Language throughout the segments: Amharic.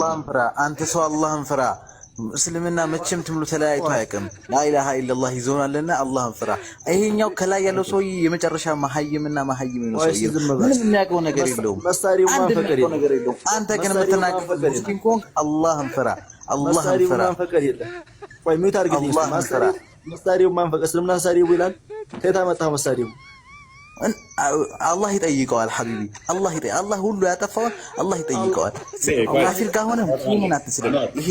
አላህን ፍራ። አንተ ሰው አላህን ፍራ። እስልምና መቼም ትምሉ ተለያይቶ አያውቅም። ላኢላሃ ኢለላህ ይዞናልና አላህን ፍራ። ይሄኛው ከላይ ያለው ሰው የመጨረሻ መሀይምና መሀይም ነው። ሰው ምንም የሚያውቀው ነገር የለውም። አንተ ግን መተናገር ምስኪን ከሆንክ አላህን ፍራ። አላህን ፍራ። ቆይ ሚዩት አድርግልኝ። መሳሪያው ማንፈቀድ እስልምና መሳሪያው ይላል። ከየት አመጣኸው መሳሪያው? አላህ ይጠይቀዋል። ሀቢቢ አላህ ይጠይቀዋል። አላህ ሁሉ ያጠፋውን አላህ ይጠይቀዋል። ካፊር ከሆነ ሙስሊምን አትስለም። ይሄ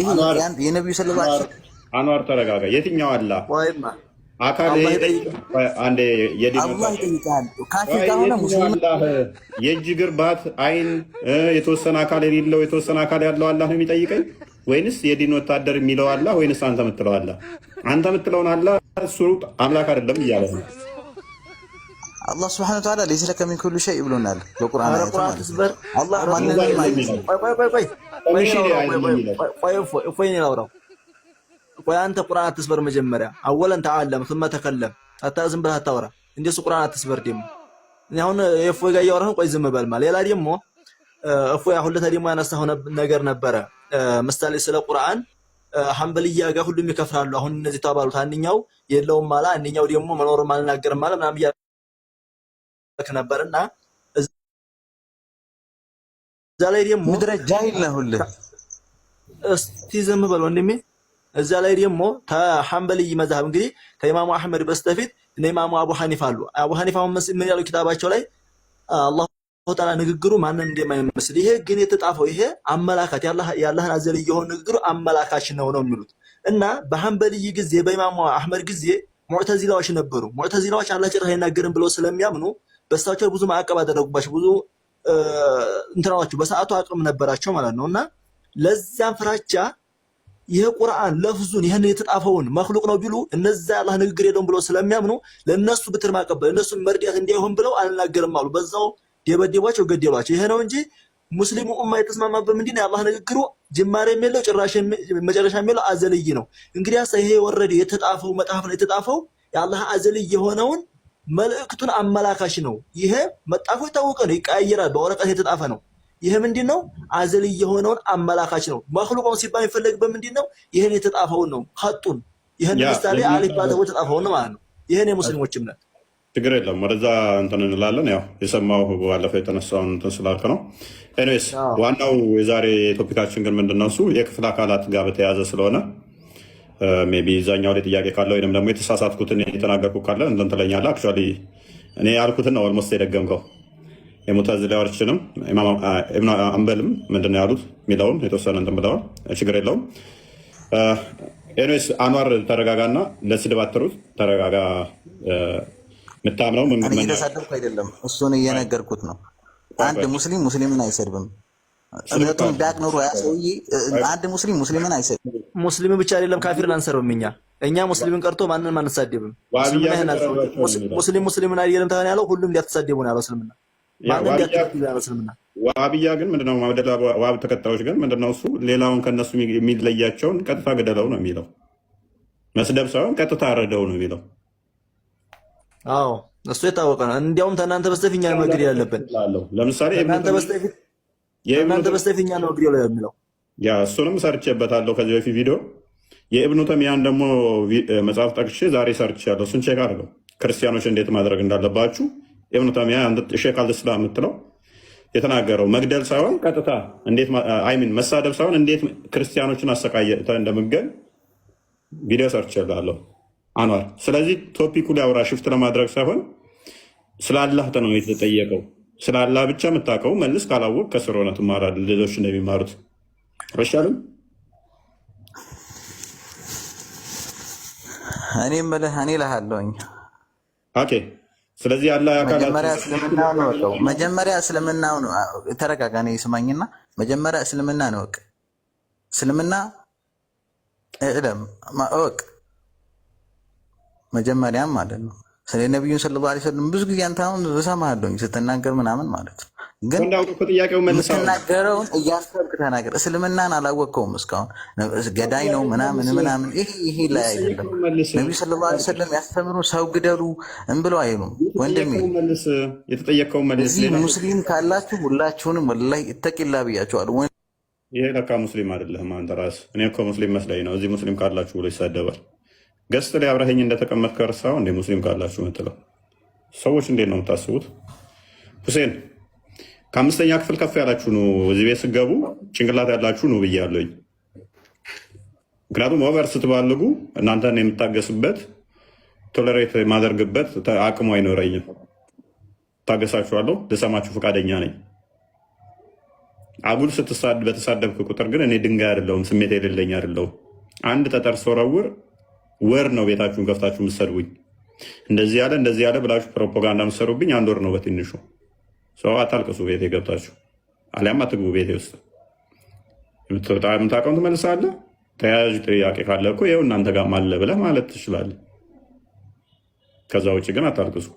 ይሄ የነብዩ ሰለላሁ ዐለይሂ ወሰለም አንዋር ተረጋጋ። የትኛው አላህ ወይማ አካል አንዴ የእጅ ግርባት አይን የተወሰነ አካል የሌለው የተወሰነ አካል ያለው አላህ ነው የሚጠይቀኝ ወይንስ የዲን ወታደር የሚለው አላህ ወይንስ አንተ የምትለው አላህ አንተ የምትለውን አላህ እሱ አምላክ አይደለም እያለ ነው አላህ ስብሐነ ወተዓላ ለይሰ ለከ ሚን ኩሊ ሸይ ብሎናል በቁርአን አንተ ቁርአን አትስበር መጀመሪያ አወለን ተዓለም ثم ተከለም ዝም ብለህ አታወራ። እንደሱ ቁርአን አትስበር ደግሞ እኔ አሁን እፎይ ጋር እያወራህ ቆይ ዝም በል ማለት ሌላ ደግሞ እፎይ አሁን ለታ ደግሞ ያነሳኸው ነገር ነበረ ምሳሌ ስለ ቁርአን ሀንበልያ ጋር ሁሉም ይከፍራሉ። አሁን እነዚህ ተባሉት አንኛው የለውም አለ አንኛው ደግሞ መኖርም አልናገርም አለ ምናምን ነበር እና እዛ ላይ ደግሞ ምድረ ጃሂል ነህ ሁልህ። እስቲ ዝም በል ወንድሜ። እዛ ላይ ደግሞ ተሐንበልይ መዝሀብ እንግዲህ ከኢማሙ አህመድ በስተፊት እነ ኢማሙ አቡ ሐኒፋ አሉ። አቡ ሐኒፋ ምን ያሉ ኪታባቸው ላይ አላሁ ተዓላ ንግግሩ ማንን እንደማይመስል ይሄ ግን የተጣፈው ይሄ አመላካች የአላህን አዘል የሆነ ንግግሩ አመላካች ነው ነው የሚሉት እና በሐንበልይ ጊዜ በኢማሙ አህመድ ጊዜ ሙዕተዚላዎች ነበሩ። ሙዕተዚላዎች አላህ ጭራሽ አይናገርም ብለው ስለሚያምኑ በሳቸው ብዙ ማዕቀብ አደረጉባቸው። ብዙ እንትናቸው በሰዓቱ አቅም ነበራቸው ማለት ነው። እና ለዚያም ፍራቻ ይህ ቁርአን ለፍዙን ይህን የተጣፈውን መክሉቅ ነው ቢሉ እነዛ አላህ ንግግር የለውም ብለው ስለሚያምኑ ለእነሱ ብትር ማቀበል እነሱን መርዳት እንዳይሆን ብለው አልናገርም አሉ። በዛው ደበደቧቸው፣ ገደሏቸው። ይሄ ነው እንጂ ሙስሊሙ ኡማ የተስማማበት ምንድን ነው? የአላህ ንግግሩ ጅማሬ የሚለው መጨረሻ የሚለው አዘልይ ነው። እንግዲያስ ይሄ የወረደ የተጣፈው መጽሐፍ ነው የተጣፈው የአላህ አዘልይ የሆነውን መልእክቱን አመላካሽ ነው። ይሄ መጣፉ የታወቀ ነው፣ ይቀያየራል። በወረቀት የተጣፈ ነው። ይህ ምንድን ነው? አዘል የሆነውን አመላካች ነው። መክሉቆ ሲባል የሚፈለግ በምንድን ነው? ይህን የተጣፈውን ነው። ሀጡን ይህን ምሳሌ አሊፍ የተጣፈውን ማለት ነው። ይህን የሙስሊሞች እምነት ችግር የለም። ወደዛ እንትን እንላለን። ያው የሰማው ባለፈው የተነሳውን እንትን ስላልክ ነው። ኤኒዌይስ ዋናው የዛሬ ቶፒካችን ግን ምንድን እሱ የክፍል አካላት ጋር በተያያዘ ስለሆነ ሜይ ቢ እዛኛው ላይ ጥያቄ ካለ ወይም ደግሞ የተሳሳትኩትን የተናገርኩ ካለ እንተንትለኛለ አክቹዋሊ እኔ ያልኩትን ነው ኦልሞስት የደገምከው። የሙተዝሊያዎችንም አንበልም ምንድን ነው ያሉት የሚለውን የተወሰነ እንትን ብለዋል። ችግር የለውም። ኤኒዌይስ አኗር ተረጋጋና፣ ለስድብ አትሩት። ተረጋጋ። የምታምነው እንደሰደብኩ አይደለም፣ እሱን እየነገርኩት ነው። አንድ ሙስሊም ሙስሊምን አይሰድብም። እምነቱን ዳቅኖሩ ያ ሰውዬ አንድ ሙስሊም ሙስሊምን አይሰድም። ሙስሊምን ብቻ አይደለም ካፊርን አንሰረውም። እኛ እኛ ሙስሊምን ቀርቶ ማንንም አንሳደብም። ሙስሊም ሙስሊምን አይደለም ተሆነ ያለው ሁሉም እንዲያተሳደቡ ነው ያለው እስልምና ዋብያ ግን ምንድነው? ዋብ ተከታዮች ግን ምንድነው? እሱ ሌላውን ከነሱ የሚለያቸውን ቀጥታ ግደለው ነው የሚለው። መስደብ ሳይሆን ቀጥታ አረደው ነው የሚለው። አዎ እሱ የታወቀ ነው። እንዲያውም ተናንተ በስተፊኛ መግድ መግደል ያለብን ለምሳሌ ከእናንተ በስተፊኛ ነው እግሬ ላይ የሚለው ያ እሱንም ሰርቼበታለሁ ከዚህ በፊት ቪዲዮ የእብኑ ተሚያን ደግሞ መጽሐፍ ጠቅሼ ዛሬ ሰርች ያለው እሱን ቼክ አድርገው ክርስቲያኖች እንዴት ማድረግ እንዳለባችሁ እብኑ ተሚያ ሼክ አልስላ የምትለው የተናገረው መግደል ሳይሆን ቀጥታ አይሚን መሳደብ ሳይሆን እንዴት ክርስቲያኖችን አሰቃየተ እንደምገል ቪዲዮ ሰርች ያለው አኗር። ስለዚህ ቶፒኩ ላይ አውራ ሽፍት ለማድረግ ሳይሆን ስላላህተ ነው የተጠየቀው። ስለ አላህ ብቻ የምታውቀው መልስ፣ ካላወቅ ከስር ሆነ ትማራል። ሌሎች እንደሚማሩት አይሻልም? እኔ እምልህ እኔ ላሃለውኝ ኦኬ ስለዚህ አላህ መጀመሪያ እስልምና ነው። ተረጋጋ፣ ስማኝና መጀመሪያ እስልምና ነው እወቅ። እስልምና እለም እወቅ መጀመሪያም ማለት ነው ስለ ነቢዩን ስለ ዐለይሂ ወሰለም ብዙ ጊዜ አንተ አሁን እሰማሃለሁኝ ስትናገር ምናምን ማለት ነው። ግን የምትናገረውን እያሰብክ ተናገር። እስልምናን አላወቅከውም እስካሁን። ገዳይ ነው ምናምን ምናምን፣ ይሄ ይሄ ላይ አይደለም። ነቢዩ ስለ ዐለይሂ ስለም ያስተምሩ ሰው ግደሉ እንብለው አይሉም። ወንድሜ እዚህ ሙስሊም ካላችሁ ሁላችሁንም ወላሂ እተቂላ ብያችኋለሁ። ይሄ ለካ ሙስሊም አይደለህም አንተ ራስህ። እኔ እኮ ሙስሊም መስለኝ ነው። እዚህ ሙስሊም ካላችሁ ብሎ ይሳደባል። ገስት ላይ አብረኸኝ እንደተቀመጥ ከርሳው እንደ ሙስሊም ካላችሁ ምትለው ሰዎች እንዴት ነው የምታስቡት? ሁሴን ከአምስተኛ ክፍል ከፍ ያላችሁ ነው እዚህ ቤት ስገቡ ጭንቅላት ያላችሁ ነው ብያለኝ። ምክንያቱም ኦቨር ስትባልጉ እናንተን የምታገስበት ቶለሬት የማደርግበት አቅሙ አይኖረኝም። ታገሳችኋለሁ፣ ልሰማችሁ ፈቃደኛ ነኝ። አጉል ስትሳድ በተሳደብክ ቁጥር ግን እኔ ድንጋይ አይደለሁም፣ ስሜት የሌለኝ አይደለሁም። አንድ ጠጠር ሰረውር ወር ነው ቤታችሁን ከፍታችሁ ምሰድቡኝ። እንደዚህ ያለ እንደዚህ ያለ ብላችሁ ፕሮፓጋንዳ ምሰሩብኝ። አንድ ወር ነው በትንሹ። ሰው አታልቅሱ፣ ቤቴ ገብታችሁ አሊያም አትግቡ። ቤቴ ውስጥ የምታውቀውን ትመልሳለህ። ተያያዥ ጥያቄ ካለ እኮ ይኸው እናንተ ጋር ማለ ብለህ ማለት ትችላለህ። ከዛ ውጭ ግን አታልቅሱ።